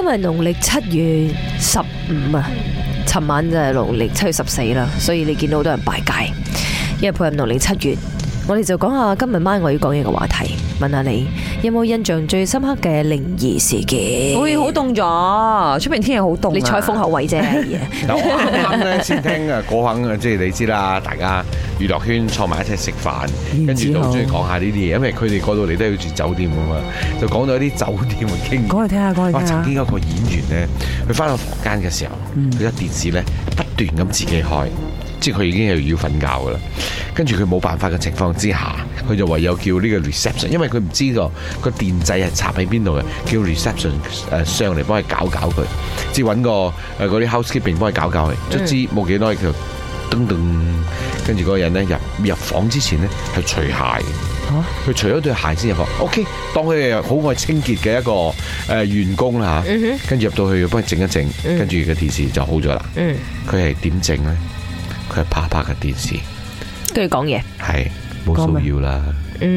今日農曆七月十五啊，尋晚就係農曆七月十四啦，所以你見到好多人拜街，因為配合農曆七月，我哋就講下今日晚我要講嘢嘅話題，問下你有冇印象最深刻嘅靈異事件？哎，好凍咗，出面天氣好凍。你採風口位啫，係嘢，我啱啱咧先聽啊，嗰行即係你知啦，大家。娛樂圈坐埋一齊食飯，跟住就好中意講下呢啲嘢，因為佢哋過到嚟都要住酒店㗎嘛，就講到一啲酒店嘅經歷。講嚟聽下，講嚟聽下。曾經有一個演員咧，佢翻到房間嘅時候，佢個電視咧不斷咁自己開，即係佢已經又要瞓覺㗎啦。跟住佢冇辦法嘅情況之下，佢就唯有叫呢個 reception，因為佢唔知道個電掣係插喺邊度嘅，叫 reception 誒上嚟幫佢搞搞佢，即係揾個誒嗰啲 housekeeping 幫佢搞搞佢，卒之冇幾耐。嘅。噔噔，跟住嗰個人咧入入房之前咧係除鞋嘅，佢除咗對鞋先入房。O K，當佢係好愛清潔嘅一個誒員工啦吓，跟住入到去幫佢整一整，跟住個電視就好咗啦。佢係點整咧？佢係拍拍嘅電視要，跟住講嘢，係，唔好騷擾啦。嗯，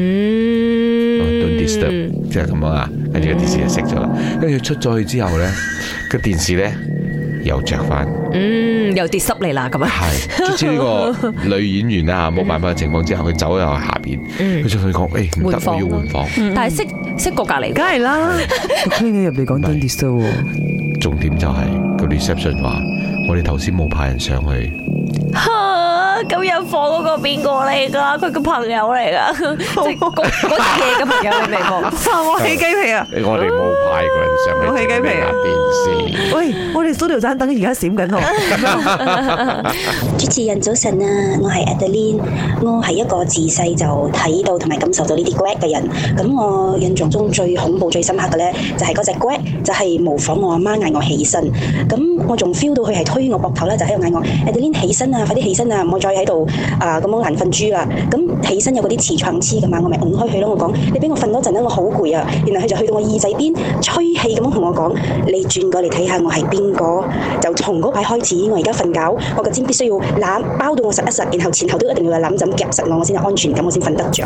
唔好 disturb，即係咁樣啊。跟住個電視就熄咗啦。跟住出咗去之後咧，個電視咧。又着翻，嗯，又跌濕嚟啦，咁樣係，總之呢個女演員啦，冇辦法嘅情況之下，佢走咗去下邊，佢仲要講，誒，特別要換房，但係識識個隔籬，梗係啦，個經理入嚟講緊，discount，重點就係個 reception 話，我哋頭先冇派人上去。今日放嗰個邊個嚟噶？佢個朋友嚟噶，即係公仔嘅朋友嚟放。我起雞皮啊！啊我哋冇排上嚟睇下電視，啊。喂，我哋多條盞燈而家閃緊喎。 主持人早晨啊，我係 Adeline，我係一個自細就睇到同埋感受到呢啲 g a 鬼嘅人。咁我印象中最恐怖最深刻嘅咧，就係嗰隻鬼，就係模仿我阿媽嗌我起身。咁我仲 feel 到佢係推我膊頭咧，就喺度嗌我 Adeline 起身啊，快啲起身啊！我再。佢喺度啊，咁、呃、樣眼瞓豬啦，咁起身有嗰啲磁瘡黐噶嘛，我咪搵開佢咯。我講你俾我瞓多陣啦，我好攰啊。然後佢就去到我耳仔邊吹氣咁樣同我講：你轉過嚟睇下我係邊個？就從嗰排開始，我而家瞓覺，我嘅氈必須要攬包到我實一實，然後前後都一定要有攬枕夾實我，我先有安全感，我先瞓得着。